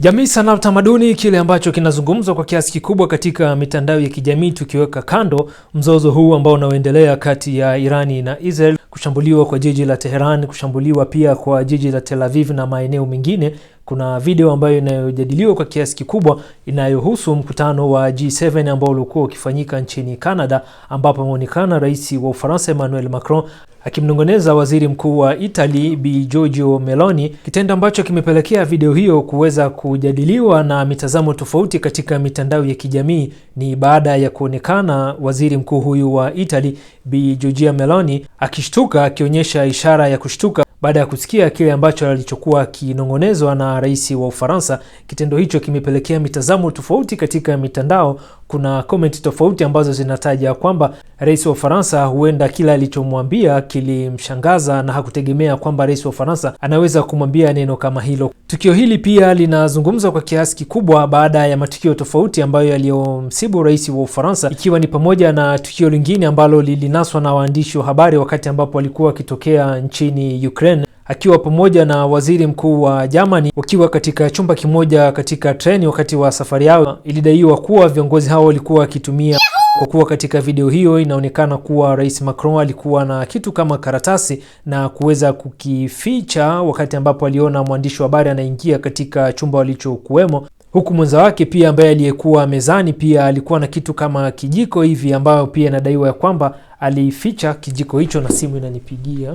Jamii, sanaa, utamaduni, kile ambacho kinazungumzwa kwa kiasi kikubwa katika mitandao ya kijamii, tukiweka kando mzozo huu ambao unaoendelea kati ya Irani na Israel, kushambuliwa kwa jiji la Teheran, kushambuliwa pia kwa jiji la Tel Aviv na maeneo mengine. Kuna video ambayo inayojadiliwa kwa kiasi kikubwa inayohusu mkutano wa G7 ambao ulikuwa ukifanyika nchini Canada, ambapo ameonekana rais wa Ufaransa Emmanuel Macron akimnong'oneza waziri mkuu wa Italy Bi Giorgio Meloni, kitendo ambacho kimepelekea video hiyo kuweza kujadiliwa na mitazamo tofauti katika mitandao ya kijamii. Ni baada ya kuonekana waziri mkuu huyu wa Italy Bi Giorgia Meloni akishtuka, akionyesha ishara ya kushtuka baada ya kusikia kile ambacho alichokuwa akinong'onezwa na rais wa Ufaransa, kitendo hicho kimepelekea mitazamo tofauti katika mitandao. Kuna komenti tofauti ambazo zinataja kwamba rais wa Ufaransa huenda kile alichomwambia kilimshangaza na hakutegemea kwamba rais wa Ufaransa anaweza kumwambia neno kama hilo. Tukio hili pia linazungumzwa kwa kiasi kikubwa baada ya matukio tofauti ambayo yaliyomsibu rais wa Ufaransa, ikiwa ni pamoja na tukio lingine ambalo lilinaswa na waandishi wa habari wakati ambapo walikuwa wakitokea nchini Ukraine akiwa pamoja na waziri mkuu wa Germany wakiwa katika chumba kimoja katika treni wakati wa safari yao. Ilidaiwa kuwa viongozi hao walikuwa wakitumia kwa kuwa katika video hiyo inaonekana kuwa Rais Macron alikuwa na kitu kama karatasi na kuweza kukificha wakati ambapo aliona mwandishi wa habari anaingia katika chumba walichokuwemo, huku mwenza wake pia ambaye aliyekuwa mezani pia alikuwa na kitu kama kijiko hivi, ambayo pia inadaiwa ya kwamba alificha kijiko hicho, na simu inanipigia.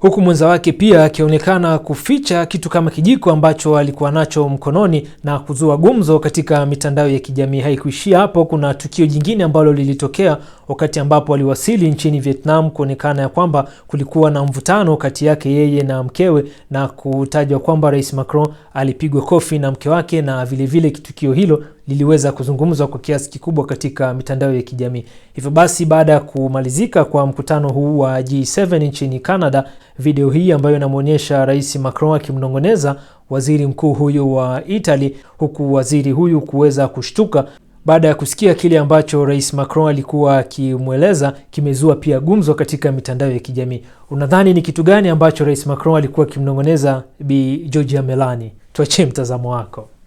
huku mwenza wake pia akionekana kuficha kitu kama kijiko ambacho alikuwa nacho mkononi na kuzua gumzo katika mitandao ya kijamii. Haikuishia hapo, kuna tukio jingine ambalo lilitokea wakati ambapo aliwasili nchini Vietnam, kuonekana ya kwamba kulikuwa na mvutano kati yake yeye na mkewe, na kutajwa kwamba Rais Macron alipigwa kofi na mke wake, na vilevile tukio hilo liliweza kuzungumzwa kwa kiasi kikubwa katika mitandao ya kijamii. Hivyo basi, baada ya kumalizika kwa mkutano huu wa G7 nchini Canada, video hii ambayo inamwonyesha Rais Macron akimnong'oneza waziri mkuu huyu wa Italy, huku waziri huyu kuweza kushtuka baada ya kusikia kile ambacho Rais Macron alikuwa akimweleza kimezua pia gumzo katika mitandao ya kijamii. Unadhani ni kitu gani ambacho Rais Macron alikuwa akimnong'oneza Bi Giorgia melani Tuachie mtazamo wako.